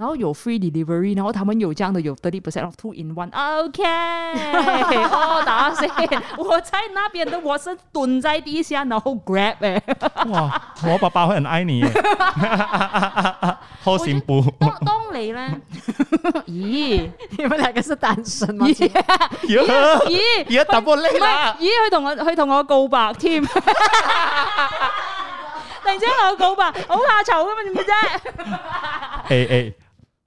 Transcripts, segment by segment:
然後有 free delivery，然後他們有這樣的有 thirty percent of two in one，OK，好大聲，我在那邊的我是蹲在地下，然後 grab 誒，哇，我爸爸會很愛你，好幸福。當你咧，咦，你們兩個是單身嗎？咦咦咦，double love 啦，咦，佢同我佢同我告白添，突然之間我告白，好怕醜噶嘛，點解？A A。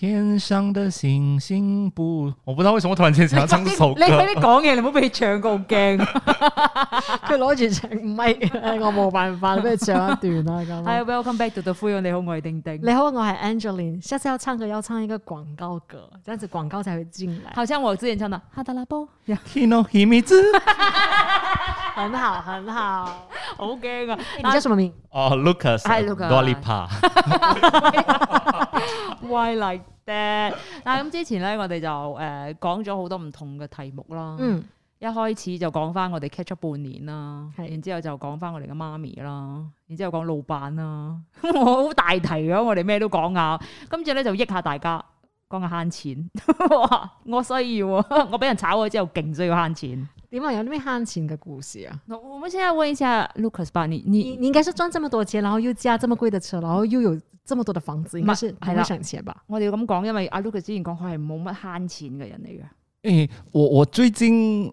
天上的星星不，我不知道為什麼突然間想要唱這首歌你你。你睇你講嘢，你唔好俾佢唱好驚。佢攞住隻咪，我冇辦法，俾你唱一段啦、啊、咁。係，Welcome back to the Fuyoh, 你好，我係丁丁。你好，我係 Angeline。下次要唱歌要唱一個廣告歌，這樣子廣告才會進來、嗯。好像我之前唱的《哈德拉波》Yeah.。 很好，很好，好驚啊！你叫什麼名？哦，Lucas，Hi Lucas，Dolipar。Why like that？但係咁之前咧，我哋就誒講咗好多唔同嘅題目啦。嗯，一開始就講翻我哋 catch up 半年啦，係是的。然之後就講翻我哋嘅媽咪啦，然之後講老闆啦，好大題嘅我哋咩都講啊。跟住咧就益下大家，講下慳錢。哇，我需要，我俾人炒咗之後，勁需要慳錢。點解有啲咩慳錢嘅故事啊！那我們現在問一下 Lucas 吧，你你你應該是賺這麼多錢，然後又駕這麼貴的車，然後又有這麼多的房子，應該是還會省錢吧？我哋要咁講，因為阿 Lucas 之前講，佢係冇乜慳錢嘅人嚟嘅。誒，我我最近。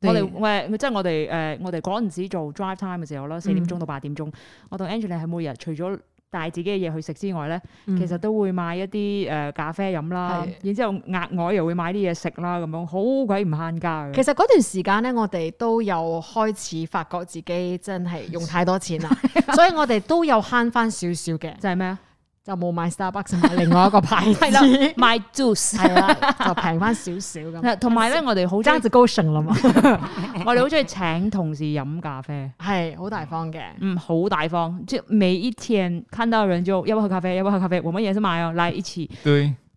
對我哋喂即係我哋誒，我哋嗰陣時做 drive time 嘅時候啦，四點鐘到八點鐘，嗯、我同 Angeline 喺每日除咗帶自己嘅嘢去食之外咧，嗯、其實都會買一啲誒咖啡飲啦，的然之後額外又會買啲嘢食啦，咁樣好鬼唔慳家。其實嗰段時間咧，我哋都有開始發覺自己真係用太多錢啦， 所以我哋都有慳翻少少嘅。就係咩啊？又冇買 Starbucks，買另外一個牌子， 買 juice，係啦， 就平翻少少咁。同埋咧，我哋好爭住高上啦嘛，我哋好中意請同事飲咖啡，係好 大方嘅，嗯，好大方，即係每一天看到人就一杯黑咖啡，一杯黑咖啡，冇乜嘢先買哦、啊，嚟一次。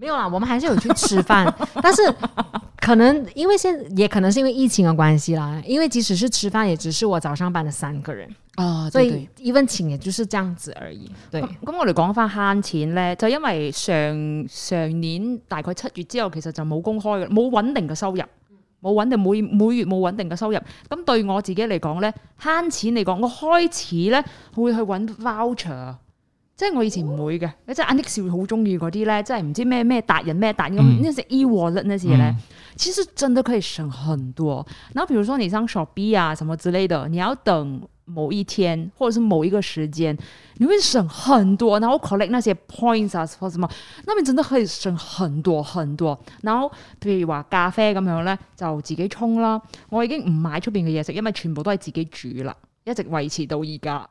沒有啦，我們還是有去吃飯， 但是可能因為現在，也可能是因為疫情嘅關係啦。因為即使是吃飯，也只是我早上班嘅三個人啊，哦、對對，所以一份錢也就是這樣子而已。對，咁、啊、我哋講返慳錢咧，就因為上上年大概七月之後，其實就冇公開嘅，冇穩定嘅收入，冇穩定每每月冇穩定嘅收入。咁對我自己嚟講咧，慳錢嚟講，我開始咧會去揾 voucher。即係我以前唔會嘅、哦，即係阿 Nick 好中意嗰啲咧，即係唔知咩咩達人咩達人咁。嗯 e、呢啲 E-wallet 呢啲咧，嗯、其實真到可以省很多。然後譬如說你上傻 b 啊，什麼之類的，你要等某一天或者是某一個時間，你會省很多。然後 collect 那些 points 啊，或者什麼，那邊真到可以省很多很多。然後譬如話咖啡咁樣咧，就自己沖啦。我已經唔買出邊嘅嘢食，因為全部都係自己煮啦，一直維持到而家。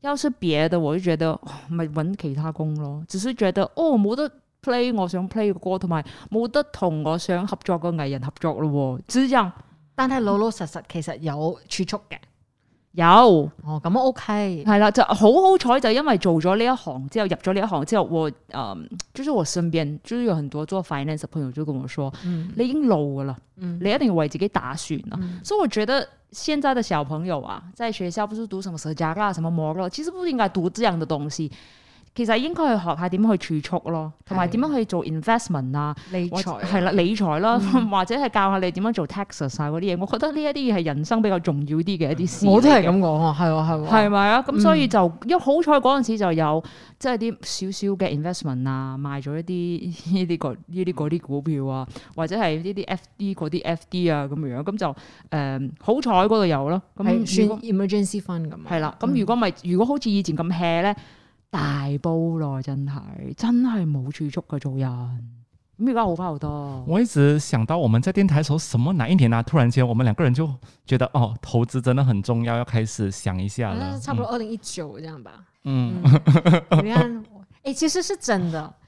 要是別的，我就覺得哦咪搵其他工咯，只是覺得哦冇得 play 我想 play 嘅歌，同埋冇得同我想合作嘅藝人合作咯。只是這樣，但係老老實實其實有儲蓄嘅。有哦，咁 OK，係啦，就好好彩就因為做咗呢一行之後入咗呢一行之後，我誒、呃，就是我身邊，就是有很多做 finance 嘅朋友就跟我說，嗯、你已經老㗎喇，嗯、你一定要為自己打算啦。嗯、所以我覺得現在的小朋友啊，在學校不是讀什麼 Sejarah 啊，什麼 Moral，其實不應該讀這樣的東西。其實應該去學下點樣去儲蓄咯，同埋點樣去做 investment 啊財，理財係啦，理財啦，或者係教下你點樣做 taxes 啊嗰啲嘢。我覺得呢一啲嘢係人生比較重要啲嘅一啲事。我都係咁講啊，係喎係喎。係咪啊？咁吧、嗯、所以就因為好彩嗰陣時就有即係啲少少嘅 investment 啊，買、就、咗、是、一啲呢啲呢啲嗰啲股票啊，或者係呢啲 FD 嗰啲 FD 啊咁樣，咁就誒、嗯、好彩嗰度有咯。咁算 emergency fund 咁係啦。咁如果咪，如果好似以前咁 hea 咧？大煲咯，真係真係冇儲足嘅、啊、做人，咁而家好翻好多。我一直想到我們在電台時候，什麼哪一年啊？突然間，我們兩個人就覺得哦，投資真的很重要，要開始想一下啦。差不多二零一九這樣吧。嗯，嗯 你看，誒、 欸，其實是真的。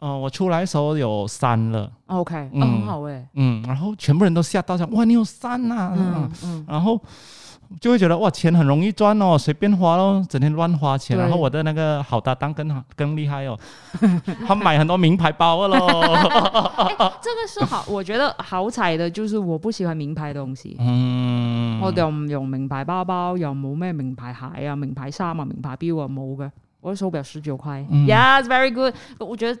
嗯、呃，我出來的時候有三了，OK，嗯、哦，很好哎、欸，嗯，然後全部人都嚇到想哇，你有三啊，嗯嗯，嗯然後就會覺得哇，錢很容易賺哦，隨便花嘍，整天亂花錢，對然後我的那個好搭檔更更厲害哦， 他買很多名牌包嘍、 哎，這個是好，我覺得好彩的就是我不喜歡名牌東西，嗯，我都沒有名牌包包，有冇咩名牌鞋啊、名牌衫啊、名牌表啊冇嘅，我的手表十九塊、嗯、，Yes，very、yeah, good，我覺得。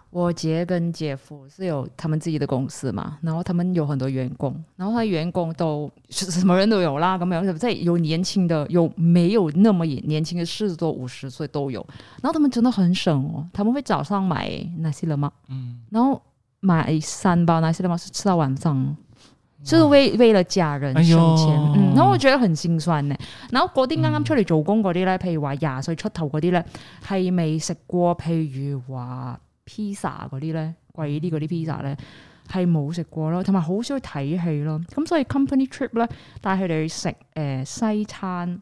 我姐跟姐夫是有他們自己的公司嘛，然後他們有很多員工，然後他員工都是什麼人都有啦，咁樣，所以有年輕的，有沒有那麼年輕的四十多、五十歲都有。然後他們真的很省哦，他們會早上買那些了嗎？嗯，然後買三包那些了嗎？是吃到晚上，就是、嗯、為哇為了家人省錢。哎、喲嗯，然後我覺得很心酸呢。然後嗰啲剛剛出嚟做工嗰啲咧，譬、嗯、如話廿歲出頭嗰啲咧，係未食過，譬如話。披薩嗰啲咧貴啲，嗰啲披薩咧係冇食過咯，同埋好少去睇戲咯，咁所以 company trip 咧帶佢哋去食誒西餐，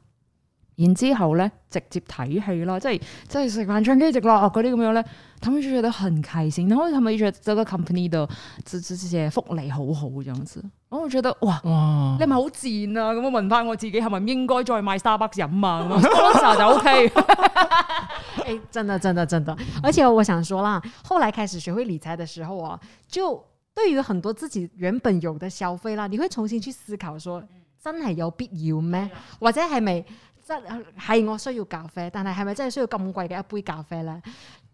然之後咧直接睇戲咯，即係即係食飯唱 K 直落嗰啲咁樣咧。他們就覺得很開心，然後他們覺得這個 company 的這這些福利很好好，這樣子，然後我覺得哇，哇你咪好賤啊！咁我問翻我自己，係咪應該再買 Starbucks 飲啊？多晒就 OK。誒、 欸，真的真的真的，而且我想說啦，後來開始學會理財的時候啊，就對於很多自己原本有的消費啦，你會重新去思考說，說真係有必要咩？或者係咪真係我需要咖啡？但係係咪真係需要咁貴嘅一杯咖啡咧？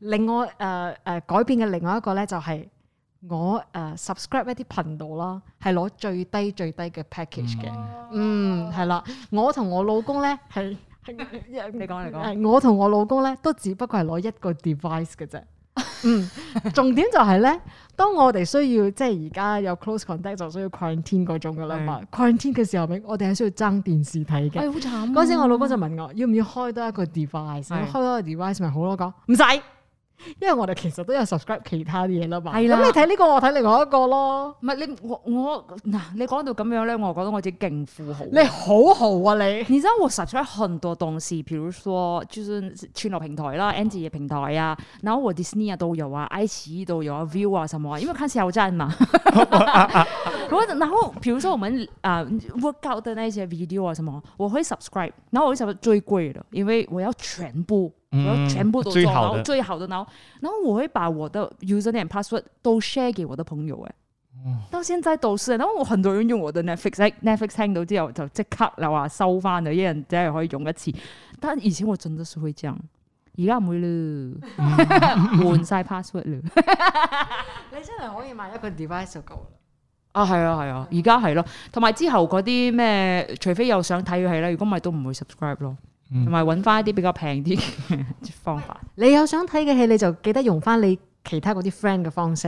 另外，誒、呃、誒、呃、改變嘅另外一個咧，就係我誒 subscribe 一啲頻道啦，係攞最低最低嘅 package 嘅。嗯，係啦、嗯，我同我老公咧係係你講嚟講， 我同我老公咧都只不過係攞一個 device 嘅啫。嗯， 重點就係咧，當我哋需要即係而家有 close contact 就需要 quarantine 嗰種噶啦嘛。是 quarantine 嘅時候，我哋係需要爭電視睇嘅。係好慘。嗰陣、啊、時我老公就問我，要唔要開多一個 device？是開多一個 device 咪好咯？講唔使。因為我哋其實都有 subscribe 其他嘢啦嘛，係啦，咁你睇呢個我睇另外一個咯，唔係你我我嗱，你講到咁樣咧，我覺得我自己勁富豪，你好豪啊你！然之後我 subscribe 很多東西，譬如說就算 channel 平台啦 Angie 嘅平台啊，然後我 Disney 啊都有啊，愛奇藝都有啊，View 啊什麼，因為看肖戰嘛。然後然後，譬如說我們啊、uh, workout 的那些 video 啊什麼，我可以 subscribe，然後我會最最貴的，因為我要全部。嗯、全部都做，最好的，然後然後我會把我的 user name password 都 share 給我的朋友，誒、嗯，到現在都是，然後我很多人用我的 Netflix，Netflix 聽到之後就即刻就話收翻啦，一人只係可以用一次，但以前我真的係會這樣，而家唔會啦，換晒 password 了。了 你真係可以買一個 device 就夠啦。啊係啊係啊，而家係咯，同埋之後嗰啲咩，除非又想睇佢係啦，如果唔係都唔會 subscribe 咯。同埋揾翻一啲比較平啲嘅方法。嗯、你有想睇嘅戲，你就記得用翻你其他嗰啲 friend 嘅方式，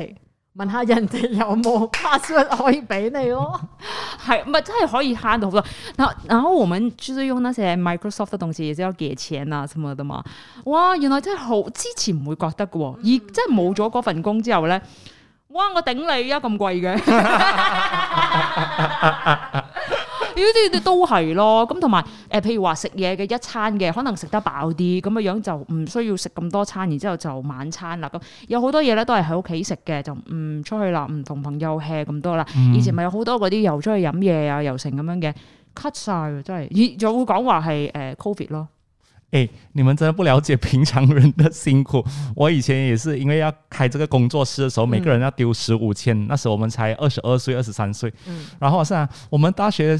問下人哋有冇 password 可以俾你咯。係、嗯，唔係真係可以慳到好多。嗱，然後我們就是用那些 Microsoft 嘅東西，也是要給錢啦、啊，咁啊得嘛。哇，原來真係好。之前唔會覺得嘅喎，而真係冇咗嗰份工之後咧，哇！我頂你啊，咁貴嘅。 都係咯，咁同埋誒，譬如話食嘢嘅一餐嘅，可能食得飽啲，咁嘅樣就唔需要食咁多餐，然之後就晚餐啦。咁有好多嘢咧都係喺屋企食嘅，就唔、嗯、出去啦，唔同朋友吃咁多啦。以前咪有好多嗰啲又出去飲嘢啊，又成咁樣嘅 cut 晒，真係以就會講話係誒 COVID 咯。誒、嗯，你們真係不了解平常人的辛苦。我以前也是因為要開這個工作室嘅時候，每個人要丟十五千，那時我們才二十二歲、二十三歲。嗯，然後上我、啊、我們大學。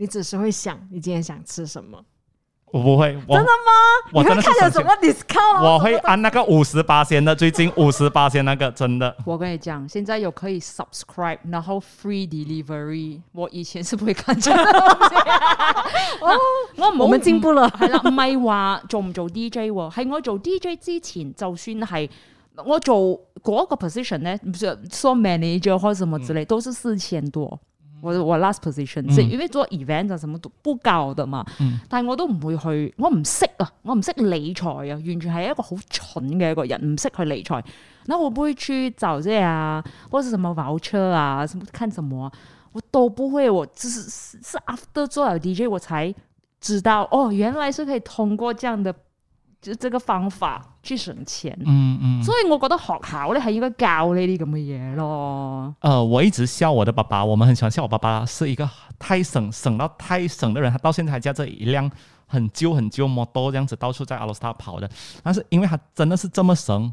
你只是會想，你今天想吃什麼？我不會，真的嗎？我的你會看有什麼 discount？啊、我會按那個五十八先，的， 最近五十八先，那個真的。我跟你講，現在有可以 subscribe，然後 free delivery。我以前是不會看這個。我我們進步了，係 啦，唔係話做唔做 DJ 喎。係我做 DJ 之前，就算係我做嗰個 position 呢，唔是說 manager 或者什麼之類，嗯、都是四千多。我我 last position，即係如果做 event 啊，什麼都不教我哋嘛，嗯嗯嗯，但係我都唔會去，我唔識啊，我唔識理財啊，完全係一個好蠢嘅一個人，唔識去理財。那我不會去找即啊，或者什麼跑車、er、啊，什麼看什麼、啊，我都不會，我只、就是是 after 做了 DJ 我才知道，哦，原來是可以通過這樣的。就這個方法去省錢，嗯嗯，嗯所以我覺得學校咧係應該教呢啲咁嘅嘢咯。呃，我一直笑我的爸爸，我們很喜歡笑我爸爸是一個太省省到太省的人，他到現在還駕着一輛很舊很舊摩托這樣子到處在阿拉斯加跑的。但是因為他真的是這麼省。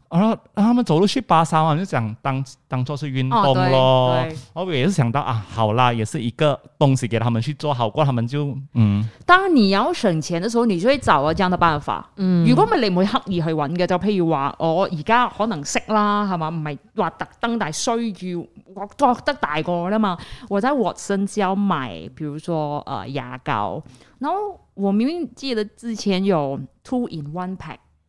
然後、啊，他們走路去巴沙啊，就想當當做是運動咯。我、啊、也是想到啊，好啦，也是一個東西給他們去做好過，他們就嗯。當你要省錢的時候，你就會找到這樣的辦法。嗯，如果唔係，你唔會刻意去揾嘅。就譬如話，我而家可能識啦，係嘛？唔係話特登但係需要，我覺得大個啦嘛。或者我在 Watsons 有買，比如說誒、呃、牙膏。然後我明明記得之前有 two in one pack。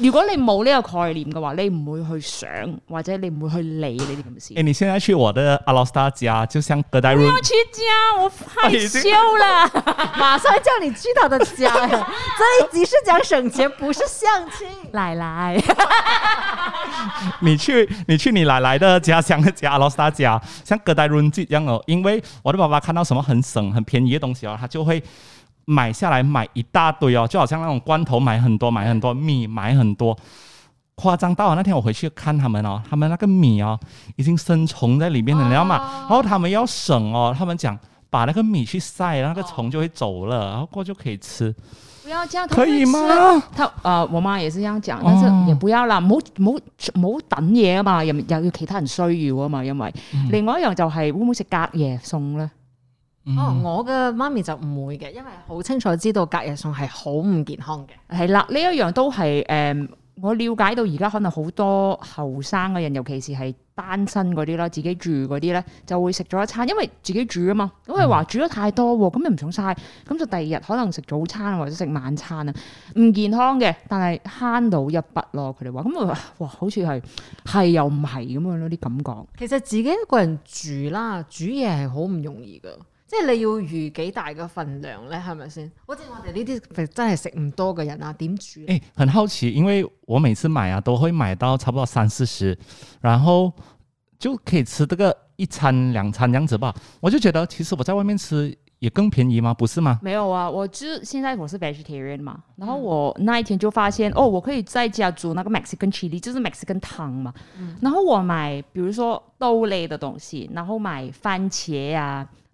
如果你冇呢個概念嘅話，你唔會去想或者你唔會去理呢啲咁嘅事。欸，你現在去我的阿拉斯加，就像格代瑞。我黐我害羞啦！ 馬上叫你去他的家。這一集是講省錢，不是相親。奶奶， 你去你去你奶奶的家鄉的家，阿拉斯加，像格代瑞一樣哦。因為我的爸爸看到什麼很省、很便宜的東西哦，他就會。買下來，買一大堆哦，就好像那種罐頭買很多，買很多米，買很多，誇張到啊！那天我回去看他們哦，他們那個米哦已經生蟲在裏面了。哦、你知道嘛？然後他們要省哦，他們講把那個米去曬，那個蟲就會走了，哦、然後過就可以吃。不要這樣，可以嗎？他，誒，我媽也是這樣講，哦、但是也不要啦，唔好唔好唔好等嘢，啊嘛，又要其他人需要啊嘛，因為、嗯、另外一樣就係、是、會唔會食隔夜餸？呢？哦，我嘅媽咪就唔會嘅，因為好清楚知道隔日餸係好唔健康嘅。係啦、嗯哼，呢一樣都係誒，我了解到而家可能好多後生嘅人，尤其是係單身嗰啲啦，自己住嗰啲咧，就會食咗一餐，因為自己煮啊嘛。咁佢話煮得太多，咁又唔想嘥，咁就第二日可能食早餐或者食晚餐啊，唔健康嘅，但係慳到一筆咯。佢哋話咁啊，哇，好似係係又唔係咁樣咯啲感覺。其實自己一個人住啦，煮嘢係好唔容易噶。即係你要預幾大嘅分量咧，係咪先？好似我哋呢啲真係食唔多嘅人啊，點煮？誒，很好奇，因為我每次買啊，都會買到差不多三四十，然後就可以吃這個一餐兩餐樣子吧。我就覺得其實我在外面吃也更便宜嗎？不是嗎？沒有啊，我就現在我是 vegetarian 嘛，然後我那一天就發現，嗯，哦，我可以在家煮那個 Mexican Chili，就是 Mexican 湯嘛。嗯，然後我買，比如說豆類的東西，然後買番茄啊。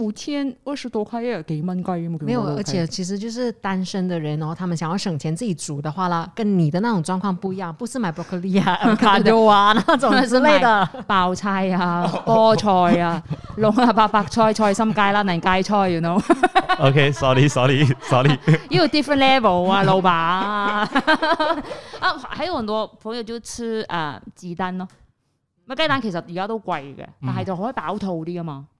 五千二十多塊嘅、啊、幾蚊雞咁樣，啊、沒有，而且其實就是單身的人哦，他們想要省錢自己煮的話啦，跟你的那種狀況不一樣，不是買 broccoli，鹹肉丸啊，那種之類的，包 菜啊、菠菜啊、龍啊、白白菜、菜心芥啦、泥芥菜，you know？OK，sorry，sorry，sorry，因為 different level 啊，老闆啊， 啊，還有很多朋友就吃啊雞蛋咯，咁雞蛋其實而家都貴嘅，但係就可以飽肚啲噶嘛。嗯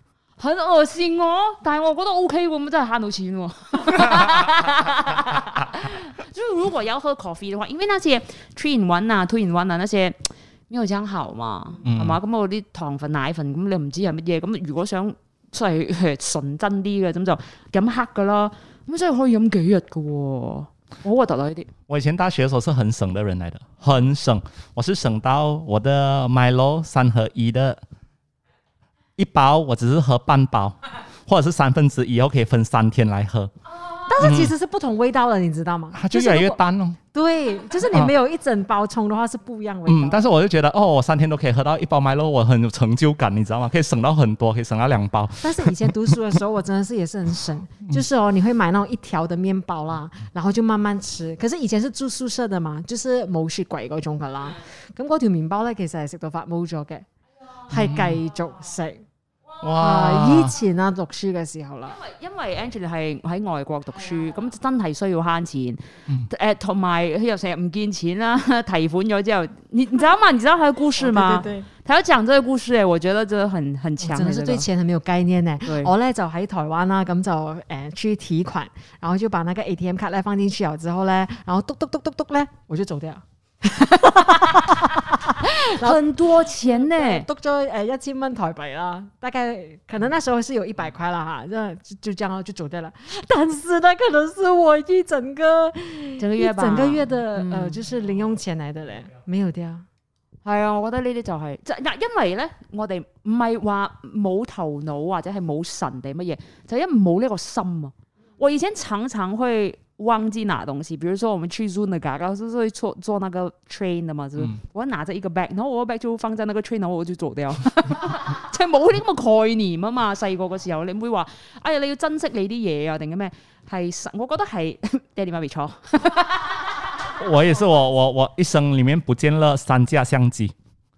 很惡心哦，但係我覺得 OK 喎，咁真係慳到錢喎。就如果要喝咖啡的話，因為那些 three in one 啊、two in one 啊那些，因為生好嘛，係嘛，咁我啲糖分、奶粉，咁你唔知係乜嘢。咁、嗯、如果想出嚟係純真啲嘅，咁就飲黑噶啦。咁所以可以飲幾日噶、哦。好核突啊呢啲！我以前大學嘅時候是很省的人嚟的，很省，我是省到我嘅 Milo 三合一的。一包我只是喝半包，或者是三分之一，然後可以分三天來喝。但是其實是不同味道的，你知道嗎？它就越來越淡咯。對，就是你沒有一整包沖的話是不一樣的味道。嗯，但是我就覺得哦，我三天都可以喝到一包 Milo，我很有成就感，你知道嗎？可以省到很多，可以省到兩包。但是以前讀書的時候，我真的是也是很省，就是哦，你會買那種一條的麵包啦，然後就慢慢吃。可是以前是住宿舍的嘛，就是冇雪櫃嗰種噶啦。咁嗰條麵包咧，其實係食到發霉咗嘅，係繼續食。哇！以前啊，讀書嘅時候啦，因為因為 Angeline 係喺外國讀書，咁真係需要慳錢。誒，同埋佢又成日唔見錢啦，提款咗之後，你你知道嘛？你知道佢故事嘛？對對對，他要講呢個故事，我覺得真係很很強，真係對錢係沒有概念咧。我咧就喺台灣啦，咁就誒去提款，然後就把那個 ATM 卡咧放進去之後咧，然後嘟嘟嘟嘟嘟咧，我就走掉。很多錢呢，讀咗誒一千蚊台幣啦，大概可能那時候是有一百塊啦哈、啊，就就這樣就走掉了。但是那可能是我一整個，整個月吧，整個月的，誒、嗯呃、就是零用錢來嘅咧，沒有的啊。係啊，我覺得呢啲就係、是，嗱、啊，因為咧我哋唔係話冇頭腦或者係冇神定乜嘢，就因為冇呢個心啊，我以前常常會。忘記拿東西，比如說我們去 Zoo 嗰個，咁所以坐，坐那個 train 的嘛，就、嗯、我拿着一個 bag 然後我 bag 就放在那個 train，然後我就走掉， 就冇呢咁嘅概念啊嘛。細個嗰時候你唔會話，哎呀你要珍惜你啲嘢啊，定嘅咩？係，我覺得係 爹哋媽咪錯。 我也是，我我我一生裏面不見了三架相機。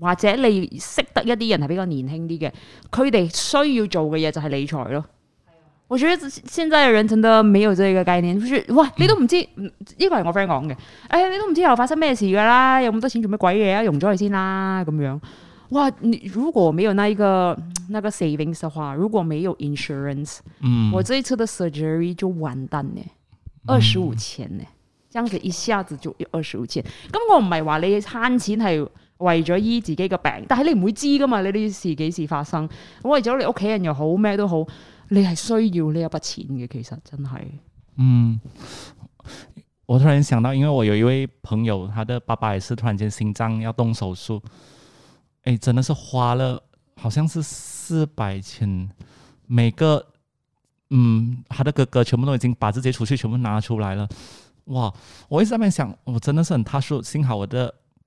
或者你識得一啲人係比較年輕啲嘅，佢哋需要做嘅嘢就係理財咯。我覺得現在嘅人真係沒有呢個概念。哇，你都唔知，呢個係我 friend 講嘅。誒、哎，你都唔知又發生咩事噶啦？有咁多錢做咩鬼嘢啊？用咗佢先啦咁樣。哇，你如果沒有那一個那個 savings 嘅話，如果沒有 insurance，嗯、我這一次的 surgery 就完蛋咧，二十五千呢，嗯、這樣子一下子就二十五千。咁我唔係話你慳錢係。為咗醫自己個病，但係你唔會知噶嘛？你呢啲事幾時發生？我為咗你屋企人又好咩都好，你係需要呢一筆錢嘅。其實真係，嗯，我突然想到，因為我有一位朋友，他的爸爸也是突然間心臟要動手術，誒，真的是花了，好像是四百千，每個，嗯，他的哥哥全部都已經把自己儲蓄全部拿出來了，哇！我一直在那邊想，我真的是很踏實，幸好我的。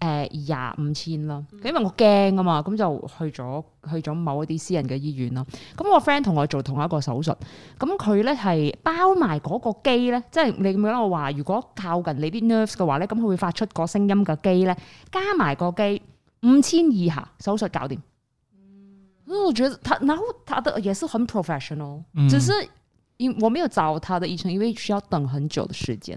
誒廿五千咯，因為我驚啊嘛，咁就去咗去咗某一啲私人嘅醫院咯。咁我 friend 同我做同一個手術，咁佢咧係包埋嗰個機咧，即係你咁樣我話，如果靠近你啲 nerves 嘅話咧，咁佢會發出個聲音嘅機咧，加埋個機五千以下手術搞掂。嗯，那我覺得他，然後他的也是很 professional，嗯、只是我沒有找他的醫生，因為需要等很久的時間。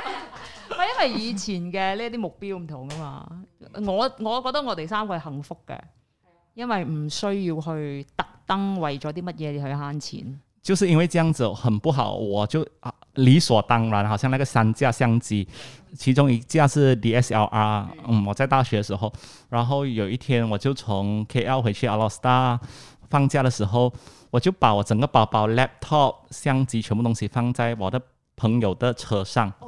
係以前嘅呢啲目標唔同噶嘛，我我覺得我哋三個係幸福嘅，因為唔需要去特登為咗啲乜嘢去慳錢。就是因為這樣子很不好，我就理所當然，好像那個三架相機，其中一架是 DSLR，嗯，嗯，我在大學嘅時候，然後有一天我就從 KL 回去 Alor Setar 放假嘅時候，我就把我整個包包、laptop、相機全部東西放在我的朋友的車上。哦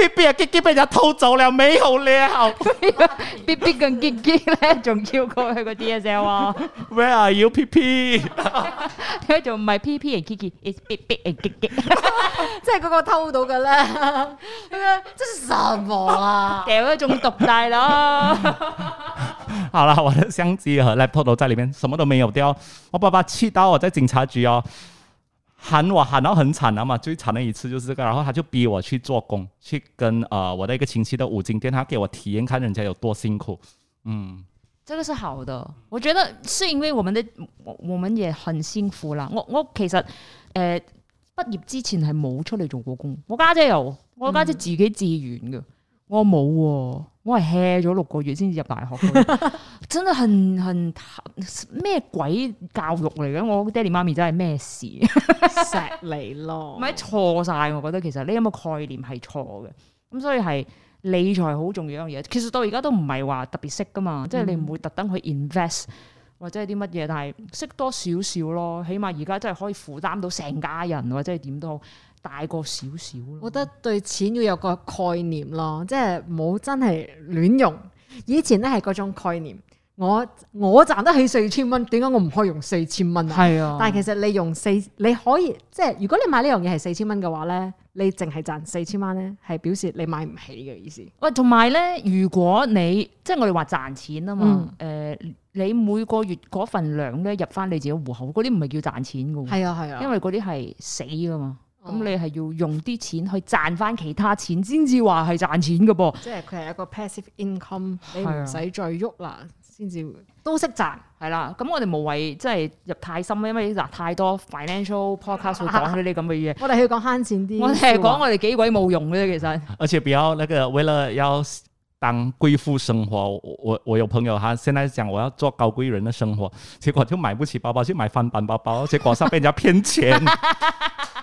P P 啊，Kiki 俾人偷走了，沒有咧，好。P P 跟 Kiki 咧，仲超過佢個 D S L 啊。Where are you P P？佢仲唔係 P P？Kiki？It's P P and Kiki。即係嗰個偷到噶啦，咩？這是什麼啊？掉咗一種毒帶咯！好啦，我的相機和 laptop 都在裏面，什麼都沒有掉。我爸爸氣到我，在警察局哦。喊我喊到很慘的嘛，最慘的一次就是這個，然後他就逼我去做工，去跟呃我的一個親戚的五金店，他給我體驗看人家有多辛苦。嗯，這個是好的，我覺得是因為我們的我我們也很幸福啦。我我其實誒畢業，呃，之前係冇出嚟做過工，我家姐、姐有，我家姐、姐自己自願嘅。我冇，我係 hea 咗六個月先至入大學。 真係恨恨咩鬼教育嚟嘅？我爹哋媽咪真係咩事？錫你咯， 唔係錯晒！我覺得其實呢一個概念係錯嘅，咁所以係理財好重要一樣嘢。其實到而家都唔係話特別識噶嘛，即係你唔會特登去 invest 或者係啲乜嘢，但係識多少少咯，起碼而家真係可以負擔到成家人或者係點都好，大過少少咯。我覺得對錢要有個概念咯，即係唔好真係亂用。以前咧係嗰種概念。我我賺得起四千蚊，點解我唔可以用四千蚊啊？係啊，但係其實你用四，你可以即係如果你買呢樣嘢係四千蚊嘅話咧，你淨係賺四千蚊咧，係表示你買唔起嘅意思。喂，同埋咧，如果你即係我哋話賺錢啊嘛，誒、嗯呃，你每個月嗰份糧咧入翻你自己戶口，嗰啲唔係叫賺錢噶，係啊係啊，啊因為嗰啲係死噶嘛，咁、哦、你係要用啲錢去賺翻其他錢，錢，先至話係賺錢噶噃。即係佢係一個 passive income，你唔使再喐啦。先至都識賺，係啦、嗯。咁我哋無謂即係入太深，因為嗱太多 financial podcast 講呢啲咁嘅嘢。啊、我哋可以講慳錢啲，我哋係講我哋幾鬼冇用嘅啫，其實。而且不要那個為了要當貴婦生活，我我，我有朋友，他現在講我要做高貴人的生活，結果就買不起包包，就買翻版包包，而且果上俾人家騙錢。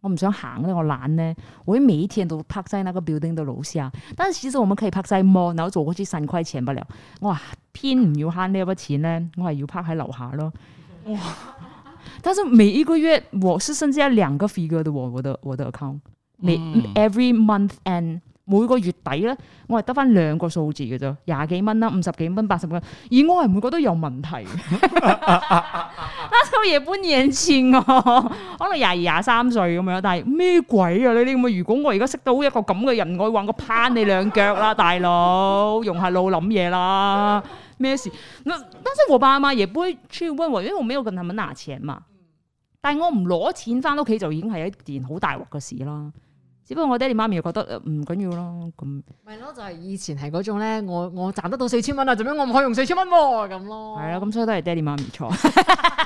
我唔想行咧，我懶呢。我會每一天都 park 在那個 building 的樓下。但是其實我們可以 park 在 mall，然後走過去三塊錢不了。哇，偏不，我偏唔要慳呢一筆錢，我係要 park 喺樓下咯。哇！但是每一個月我是甚至兩個 figure 的我，我的我的 account，每、嗯、every month end 每個月底咧，我係得翻兩個數字嘅啫，廿幾蚊啦，五十幾蚊、八十蚊。而我係唔會覺得有問題。阿秋爺搬嘢錢我，可能廿二、廿三歲咁樣，但係咩鬼啊？你啲咁嘅。如果我而家識到一個咁嘅人，我揾個攀你兩腳啦，大佬，用下腦諗嘢啦，咩事？但係我爸媽也不會去問我，因為我沒有跟他咪拿錢嘛。但係我唔攞錢翻屋企就已經係一件好大鑊嘅事啦。只不過我爹哋媽咪又覺得唔緊要咯，咁。咪咯，就係、是、以前係嗰種咧，我我賺得到四千蚊啊，做咩我唔可以用四千蚊喎咁咯對。係啊，咁所以都係爹哋媽咪錯。